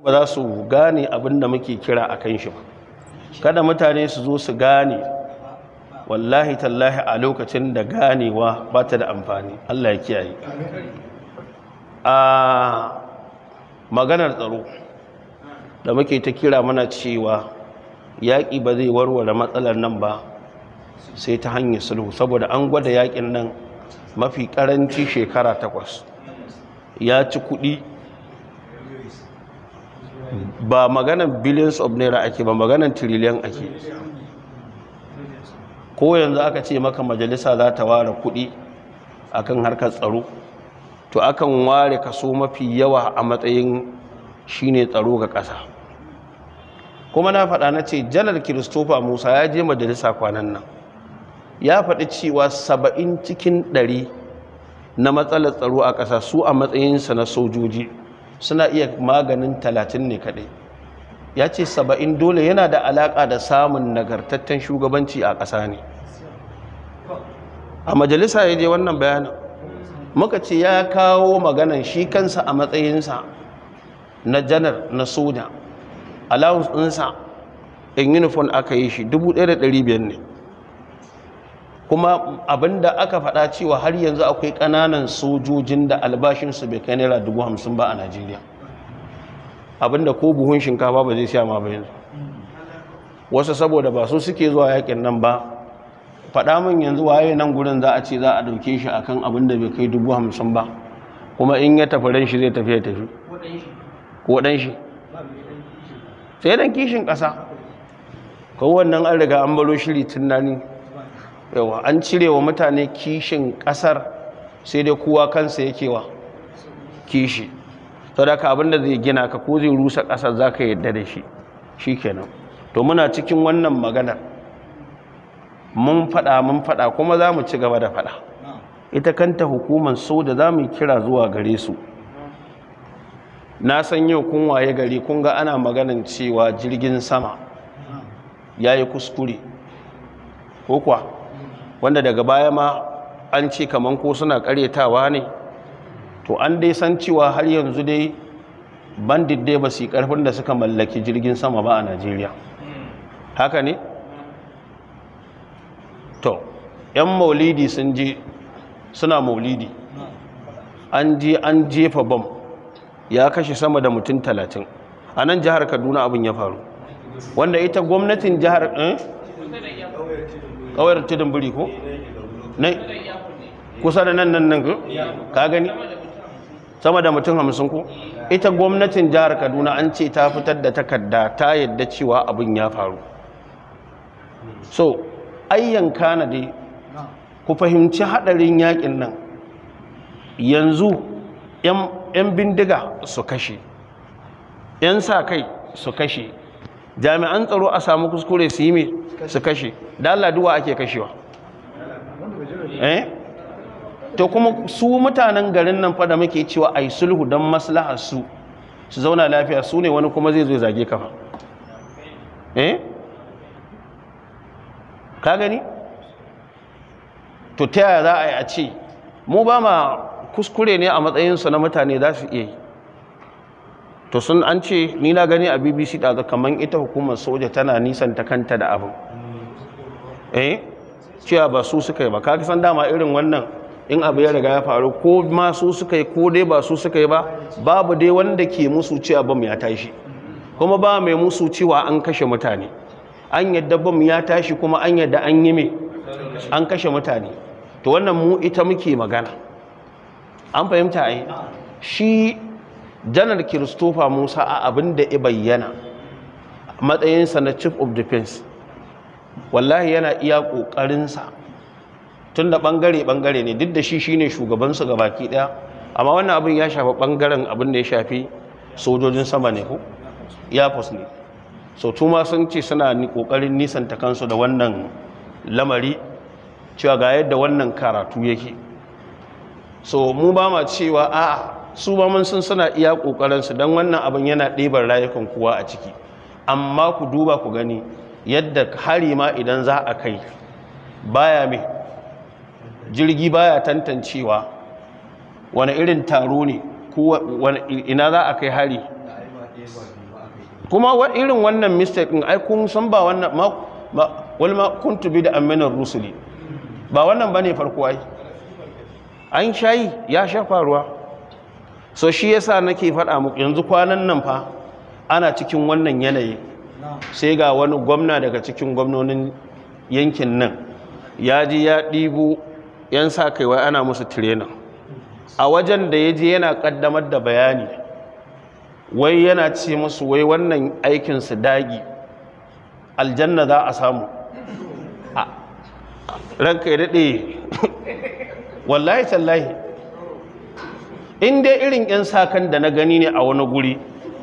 ba za su gane abin da muke kira a kan shi ba kada mutane su zo su gane wallahi tallahi a lokacin da ganewa ba ta da amfani Allah ya kiyaye a maganar tsaro da muke ta kira mana cewa yaƙi ba zai warware matsalar nan ba sai ta hanyar sulhu saboda an gwada yaƙin nan mafi ƙaranci shekara takwas ya ci kuɗi ba maganan billions of naira ake ba maganan trillion ake ko yanzu aka ce maka majalisa za ta ware kuɗi akan harkar tsaro to akan ware kaso mafi yawa a matsayin shine tsaro ga ƙasa kuma na faɗa na ce janar kiristofa musa ya je majalisa kwanan nan ya faɗi cewa saba'in cikin ɗari na matsalar tsaro a ƙasa su a matsayinsa na sojoji suna iya maganin talatin ne kaɗai ya ce saba'in dole yana da alaƙa da samun nagartattun shugabanci a ƙasa ne a majalisa ya je wannan bayanin muka ce ya kawo maganan shi kansa a matsayinsa na janar na soja allowance ɗinsa in uniform aka yi shi 1,500 ne kuma abinda aka faɗa cewa har yanzu akwai ƙananan sojojin da albashinsu bai kai naira dubu hamsin ba a najeriya abinda ko buhun shinkafa ba zai siya ma ba yanzu wasu saboda ba su suke zuwa yakin nan ba faɗa min yanzu waye nan gurin za a ce za a ɗauke shi akan abin da bai kai dubu hamsin ba kuma in ya tafi ran shi zai tafi ya tafi ko ɗan shi sai dan kishin ƙasa ko wannan an riga an baro shiri tunani yawa an cire wa mutane kishin ƙasar sai dai kuwa kansa yake wa kishi to da ka abin zai gina ka ko zai rusa ƙasar za ka yadda da shi shi kenan to muna cikin wannan maganar mun faɗa mun faɗa kuma za mu ci gaba da faɗa ita kanta hukumar so da za mu kira zuwa gare su na san yau kun waye gari kun ga ana maganin cewa jirgin sama ya yi kuskure ko kuwa wanda daga baya ma an ce kamar ko suna karyatawa ne to an dai san cewa har yanzu dai bandit dai ba su karfin da suka mallaki jirgin sama ba a najeriya haka ne to 'yan maulidi sun je suna maulidi an je an jefa bam ya kashe sama da mutum talatin a nan jihar kaduna abin ya faru wanda ita gwamnatin jihar eh? da tudun biri ko nai kusa da nan nan nan ka gani sama da mutum hamsin ko ita gwamnatin jihar kaduna an ce ta fitar da takarda ta yadda cewa abin ya faru so ayyan kana dai ku fahimci hadarin yakin nan yanzu 'yan bindiga su kashe 'yan sa kai su kashe jami'an tsaro a samu kuskure su yi mai su kashe da Allah duwa ake kashewa eh to kuma su mutanen garin nan fa muke cewa ai sulhu dan maslaha su su zauna lafiya su ne wani kuma zai zo zage kafa eh ka gani to ta yaya za a yi a ce mu ba ma kuskure ne a matsayinsu na mutane za su iya yi to sun an ce ni na gani a bbc ɗazu kamar ita hukumar soja tana nisan ta kanta da abin eh cewa ba su suka yi ba ka san dama irin wannan in abu ya riga ya faru ko ma su suka yi ko dai ba su suka yi ba babu dai wanda ke musu cewa bam ya tashi kuma ba mai musu cewa an kashe mutane an yadda bam ya tashi kuma an yadda an yi mai an kashe mutane to wannan mu ita muke magana an fahimta ai shi janar kiristofa musa a abin da ya bayyana matsayinsa na chief of defense wallahi yana iya ƙoƙarinsa tun da ɓangare-ɓangare ne duk da shi shine shugabansu ga baki ɗaya amma wannan abin ya shafi ɓangaren abin da ya shafi sojojin sama ne ko yafos ne so tuma sun ce suna ƙoƙarin nisanta kansu da wannan lamari cewa ga yadda wannan karatu yake so mu ba ma cewa a'a su ba mun sun suna iya ƙoƙarinsu don wannan abin yana ɗibar rayukan kuwa a ciki amma ku duba ku gani yadda hari ma idan za a kai baya mai jirgi baya tantancewa wani irin taro ne ina za a kai hari kuma irin wannan mistake ai kun san ba wannan wal ma kuntu bi da aminar rusuli ba wannan bane farko ai an shayi ya sha faruwa so shi yasa nake faɗa muku yanzu kwanan nan fa ana cikin wannan yanayi sai ga wani gwamna daga cikin gwamnonin yankin nan ya ji ya ɗibu 'yan sa kaiwa ana musu tirena a wajen da ya je yana ƙaddamar da bayani wai yana ce musu wai wannan aikinsu dagi aljanna za a samu ranka ya daɗe wallahi tallahi in dai irin 'yan sakan da na gani ne a wani guri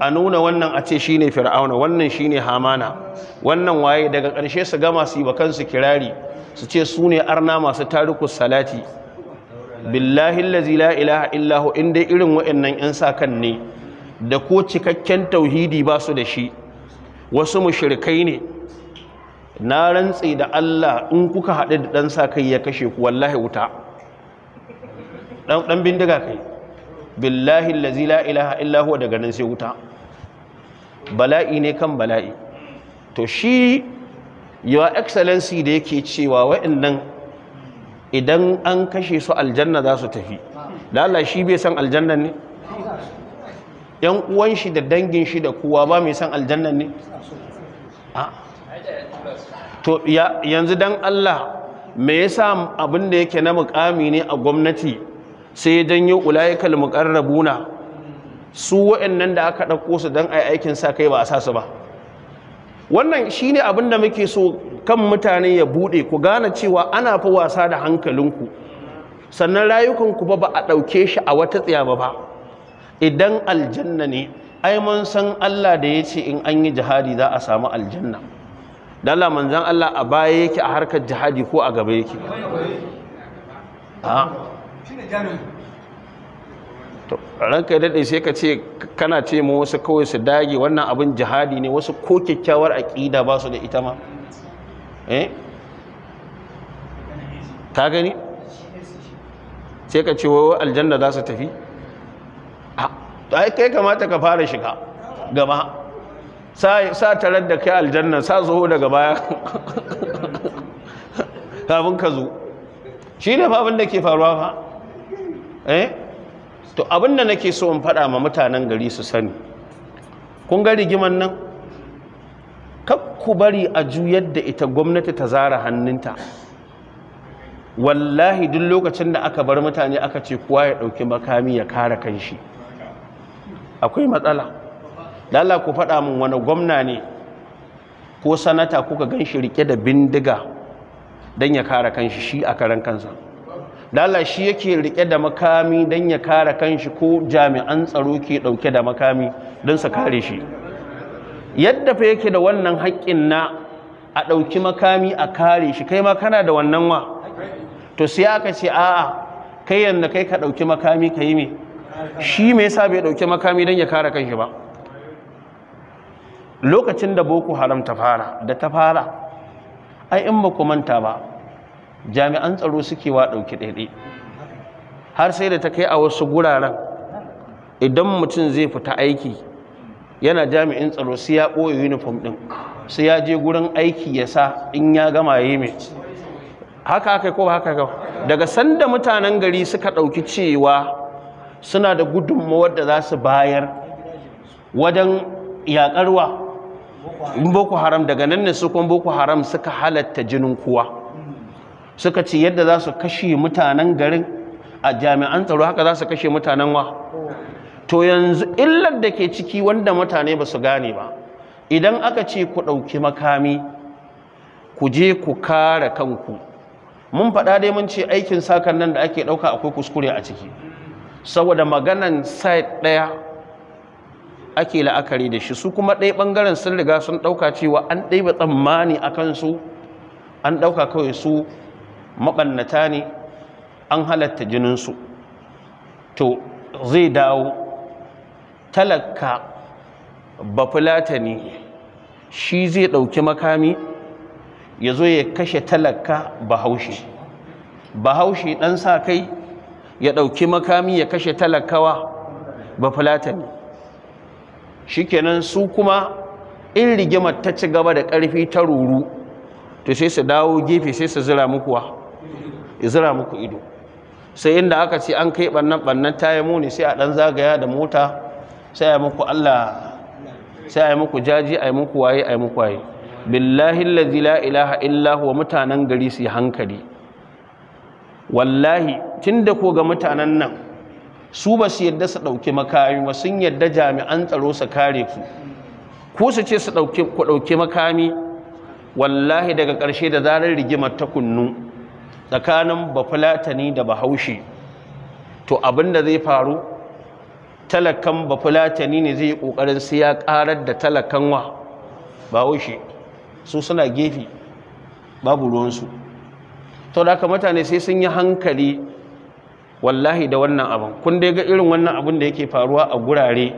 a nuna wannan a ce shi ne fir'auna wannan shi ne hamana wannan waye daga ƙarshe su gama su yi wa kansu kirari su ce su ne arna masu tarukus salati billahi allazi la ilaha illahu in dai irin wa'annan 'yan sakan ne da ko cikakken tauhidi ba su da shi wasu mushrikai ne na rantse da Allah in kuka haɗu da ɗan sa kai ya kashe ku wallahi wuta ɗan bindiga kai billahi lazi la ilaha illa huwa daga nan sai wuta bala'i ne kan bala'i to shi your excellency da yake cewa wa'annan idan an kashe su aljanna za su tafi lalata shi bai san aljannan ne yan uwan shi da dangin shi da kowa ba mai san aljannan ne to yanzu don Allah me yasa abin da yake na mukami ne a gwamnati sai janyo ulaikal muqarrabuna su wa'annan da aka ɗauko su dan ai aikin sa kai ba a sa su ba wannan shine abin da muke so kan mutane ya bude ku gane cewa ana fi wasa da hankalinku sannan rayukanku ba ba a ɗauke shi a wata tsaya ba ba idan aljanna ne ai mun san Allah da ya ce in an yi jihadi za a samu aljanna dala manzan Allah a baya yake a harkar jihadi ko a gaba yake to ranka ya daɗe sai ka ce kana ce mu wasu kawai su dage wannan abin jihadi ne wasu ko kyakkyawar aƙida ba su da ita ma eh ta gani sai ka ce wawo aljanna za su tafi a kai kamata ka fara shiga gaba sa tarar da kai aljanna sa zo daga baya kafin ka zo shi ne fa da ke faruwa fa eh to abinda nake so in faɗa ma mutanen gari su sani kun ga rigiman nan kakku bari a juyar da ita gwamnati ta zara hannunta wallahi duk lokacin da aka bar mutane aka ce kuwa ya ɗauki makami ya kare kanshi akwai matsala lala ku faɗa min wani gwamna ne ko sanata kuka ganshi rike da bindiga dan ya kare kanshi shi a karan kansa lala shi yake rike da makami don ya kare kanshi ko jami'an tsaro ke dauke da makami don su kare shi yadda fa yake da wannan haƙƙin na a dauki makami a kare shi kai ma kana da wannan wa to sai aka ce a'a kai yanda kai ka dauki makami ka me shi me yasa bai dauki makami don ya kare kanshi ba lokacin da boko haram ta fara da ta fara ai in ba ku manta ba jami'an tsaro suke wa ɗauki ɗaiɗai har sai da ta kai a wasu guraren idan mutum zai fita aiki yana jami'in tsaro su ya ɓoye uniform ɗin sai ya je gurin aiki ya sa in ya gama yi mai haka haka ko haka haka daga sanda mutanen gari suka ɗauki cewa suna da gudunmawar da za su bayar wajen yaƙarwa boko haram daga nan ne su kuma boko haram suka halatta jinin kuwa suka ce yadda za su kashe mutanen garin a jami'an tsaro haka za su kashe mutanen wa to yanzu illar da ke ciki wanda mutane ba su gane ba idan aka ce ku ɗauki makami ku je ku kare kanku mun faɗa dai mun ce aikin sakan nan da ake ɗauka akwai kuskure a ciki saboda maganan site ɗaya ake la'akari da shi su kuma ɗaya ɓangaren sun riga sun ɗauka cewa an ɗaya tsammani a kansu an ɗauka kawai su maɓannata ne an halatta jininsu to zai dawo talaka bafulata ne shi zai ɗauki makami ya zo ya kashe talaka bahaushe bahaushe ɗan sa kai ya ɗauki makami ya kashe talakawa bafulata ne shi kenan su kuma in rigimar ta ci gaba da ƙarfi ta ruru to sai su dawo gefe sai su zira mukuwa izira muku ido sai inda aka ce an kai bannan bannan ta muni sai a dan zagaya da mota sai ya muku Allah sai ya muku jaji ai muku waye ai muku waye billahi allazi la ilaha illa huwa mutanen gari su hankali wallahi tunda ko ga mutanen nan su ba su yadda su dauke makami ba sun yadda jami'an tsaro su kare ku ko su ce su dauke ku ɗauki makami wallahi daga ƙarshe da zarar rigimar ta kunnu tsakanin bafulatani da bahaushe to abin da zai faru talakan bafulatani ne zai kokarin ƙoƙarin sai ya karar da talakan wa bahaushe su suna gefe babu ruwansu to da ka mutane sai sun yi hankali wallahi da wannan abin kun dai ga irin wannan abin da yake faruwa a gurare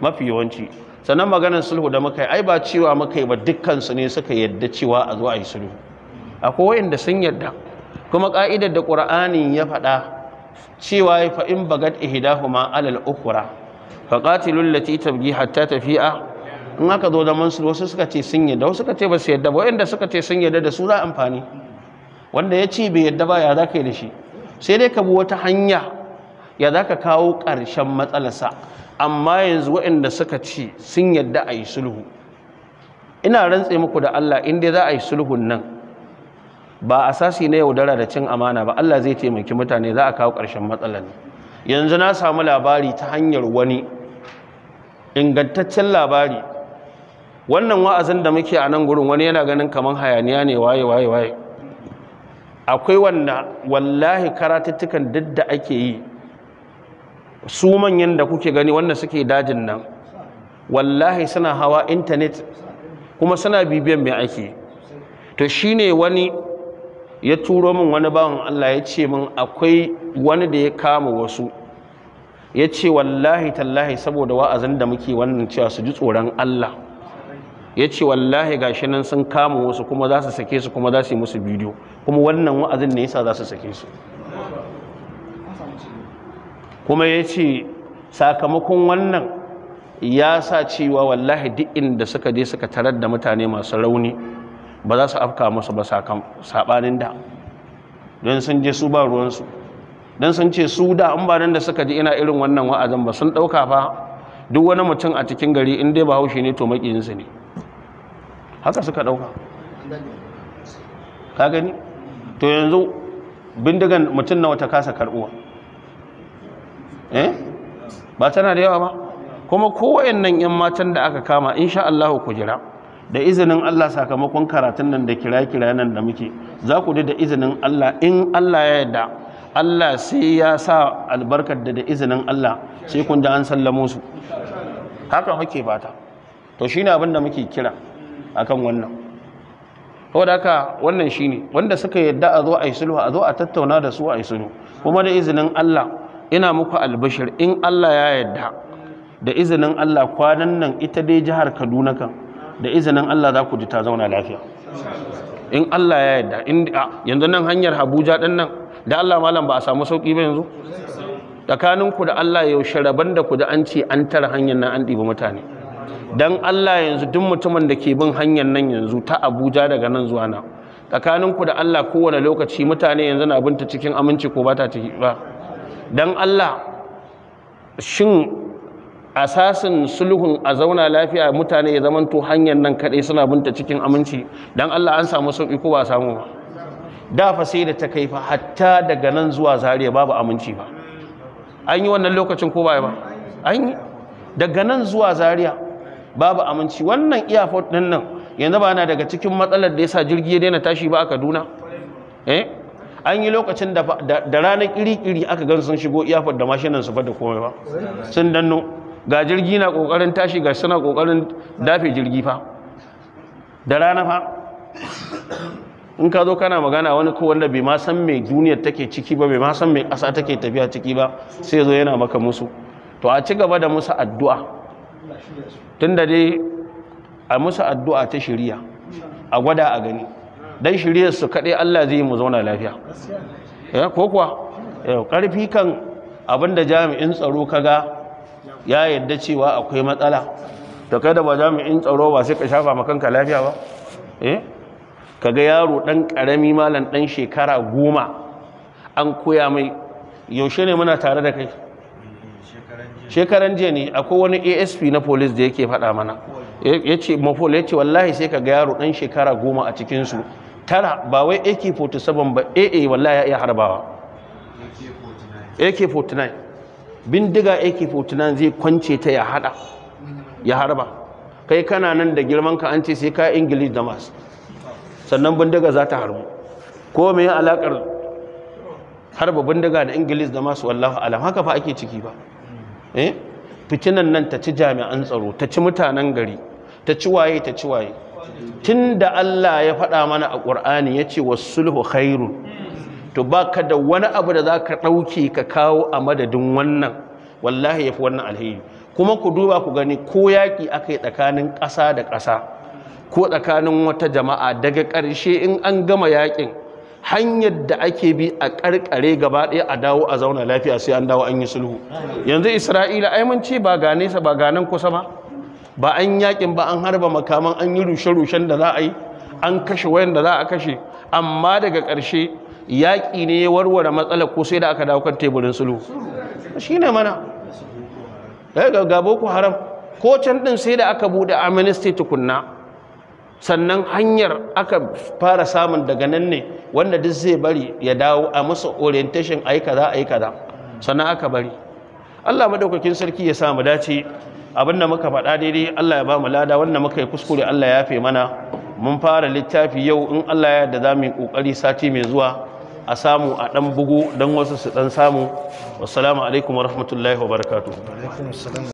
mafi yawanci sannan maganar sulhu da muka yi ai ba cewa muka yi ba dukkansu ne suka yadda cewa a zo a yi sulhu akwai wanda sun yadda kuma ka'idar da qur'ani ya faɗa cewa fa in bagat ihdahuma alal ukura. fa qatilul lati hatta tafi'a in aka zo zaman su wasu suka ce sun yadda wasu suka ce ba su yadda ba wanda suka ce sun yadda da su za amfani wanda ya ce bai yadda ba ya za ka yi da shi sai dai ka bi wata hanya ya za ka kawo ƙarshen matsalarsa amma yanzu waɗanda suka ce sun yadda a yi sulhu ina rantse muku da Allah in dai za a yi sulhun nan ba a asasi na yaudara da cin amana ba Allah zai taimaki mutane za a kawo ƙarshen matsalar yanzu na samu labari ta hanyar wani ingantaccen labari wannan wa'azin da muke a nan gurin wani yana ganin kamar hayaniya ne waye waye waye akwai wanda wallahi karatuttukan duk da ake yi su manyan da kuke gani wanda suke dajin nan wallahi suna hawa intanet kuma suna bibiyan mai ake to shine wani ya turo min wani bawan Allah ya ce min akwai wani da ya kama wasu ya ce wallahi tallahi saboda wa'azin da muke wannan cewa su ji tsoron Allah ya ce wallahi gashi nan sun kama wasu kuma za su sake su kuma za su yi musu bidiyo kuma wannan wa'azin ne yasa za su sake su kuma ya ce sakamakon wannan ya sa cewa wallahi duk inda suka je suka tarar da mutane masu rauni ba za su afka musu ba saɓanin da don sun je su ba ruwansu don sun ce su da an ba da suka ji ina irin wannan wa'azin ba sun ɗauka fa duk wani mutum a cikin gari in dai ba haushi ne to maƙiyinsu ne haka suka ɗauka ka gani to yanzu bindigan mutum na wata kasa karɓuwa eh? ba tana da yawa ba kuma kowayen nan 'yan matan da aka kama insha Allah ku jira da izinin Allah sakamakon karatun nan da kira-kira nan da muke za ku da izinin Allah in Allah ya yadda Allah sai ya sa albarkar da da izinin Allah sai kun da an sallamo su haka muke bata to shine abin da muke kira akan wannan ko da haka wannan shine wanda suka yadda a zo a yi sulhu a zo a tattauna da su a yi sulhu kuma da izinin Allah ina muku albashir in Allah ya yadda da izinin Allah kwanan nan ita dai jihar Kaduna kan da izinin Allah za ku ji ta zauna lafiya in Allah ya yadda. yanzu nan hanyar Abuja ɗan nan da Allah malam ba a samu sauki ba yanzu tsakaninku da Allah yaushe rabon da ku da an ce an tara hanyar nan an ɗibi mutane don Allah yanzu duk mutumin da ke bin hanyar nan yanzu ta Abuja daga nan zuwa nan tsakaninku da Allah kowane lokaci mutane yanzu na binta cikin aminci ko ba ta ciki ba don Allah shin asasin sulhun a zauna lafiya mutane ya to hanyar nan kaɗai suna binta cikin aminci don Allah an samu sauƙi ko ba samu ba da fa sai da ta kai fa hatta daga nan zuwa zariya babu aminci ba an yi wannan lokacin ko ba ba an yi daga nan zuwa zariya babu aminci wannan iya ɗin nan yanzu ba na daga cikin matsalar da ya sa jirgi ya daina tashi ba a kaduna eh an yi lokacin da ranar iri-iri aka gan sun shigo iya da mashinan su fa da komai ba sun danno ga jirgi na kokarin tashi ga suna kokarin dafe jirgi fa da rana fa in ka zo kana magana wani ko wanda bai ma san mai duniyar take ciki ba bai ma san mai ƙasa take tafiya ciki ba sai zo yana maka musu to a ci gaba da musu addu'a tun da dai a musu addu'a ta shiriya a gwada a gani dan shiriyar su kaɗai Allah zai yi mu zauna lafiya ya eh, ko kuwa eh, ƙarfi kan abin da jami'in tsaro ka ga. ya yadda cewa akwai matsala to kai da ba jami'in tsaro ba sai ka shafa makanka lafiya ba eh kaga yaro dan karami malam dan shekara goma an koya mai yaushe ne muna tare da kai shekaran jiya ne akwai wani asp na police da yake faɗa mana ya ce mafol ya ce wallahi sai ka ga yaro dan shekara goma a cikinsu tara ba wai ak-47 ba aa wallahi ya iya harbawa ak-49 bindiga AK49 zai kwance ta ya hada ya harba kai kana nan da girman ka an ce sai ka ingilis da mas sannan bindiga za ta harbu ko me alakar harba bindiga da ingilis da mas wallahu alam haka fa ake ciki ba eh fitinan nan ta ci jami'an tsaro ta ci mutanen gari ta ci waye ta ci waye Tun da Allah ya faɗa mana a ya ce wa sulhu khairun to baka da wani abu da za ka ɗauke ka kawo a madadin wannan wallahi ya fi wannan alheri kuma ku duba ku gani ko yaki yi tsakanin ƙasa da ƙasa ko tsakanin wata jama'a daga ƙarshe in an gama yaƙin hanyar da ake bi a ƙarƙare gaba ɗaya a dawo a zauna lafiya sai an dawo an yi sulhu yanzu isra'ila ai mun ce ba ga nesa ba ga nan kusa ba ba an yaƙin ba an harba makaman an yi rushe-rushen da za a yi an kashe wayan da za a kashe amma daga ƙarshe yaƙi ne ya warware matsalar ko sai da aka dawo kan teburin sulhu shi ne mana daga eh, ga ku haram ko can ɗin sai da aka buɗe amnesty tukunna sannan hanyar aka fara samun daga nan ne wanda duk zai bari ya dawo a musu orientation a yi kaza a yi kaza sannan aka bari allah madaukakin sarki ya samu dace abin da muka faɗa daidai allah ya ba mu lada wanda muka yi kuskure allah ya fi mana mun fara littafi yau in allah ya da za mu yi ƙoƙari sati mai zuwa a samu a ɗan bugu don wasu su ɗan samu wassalamu alaikum wa rahmatullahi wa barakatuhu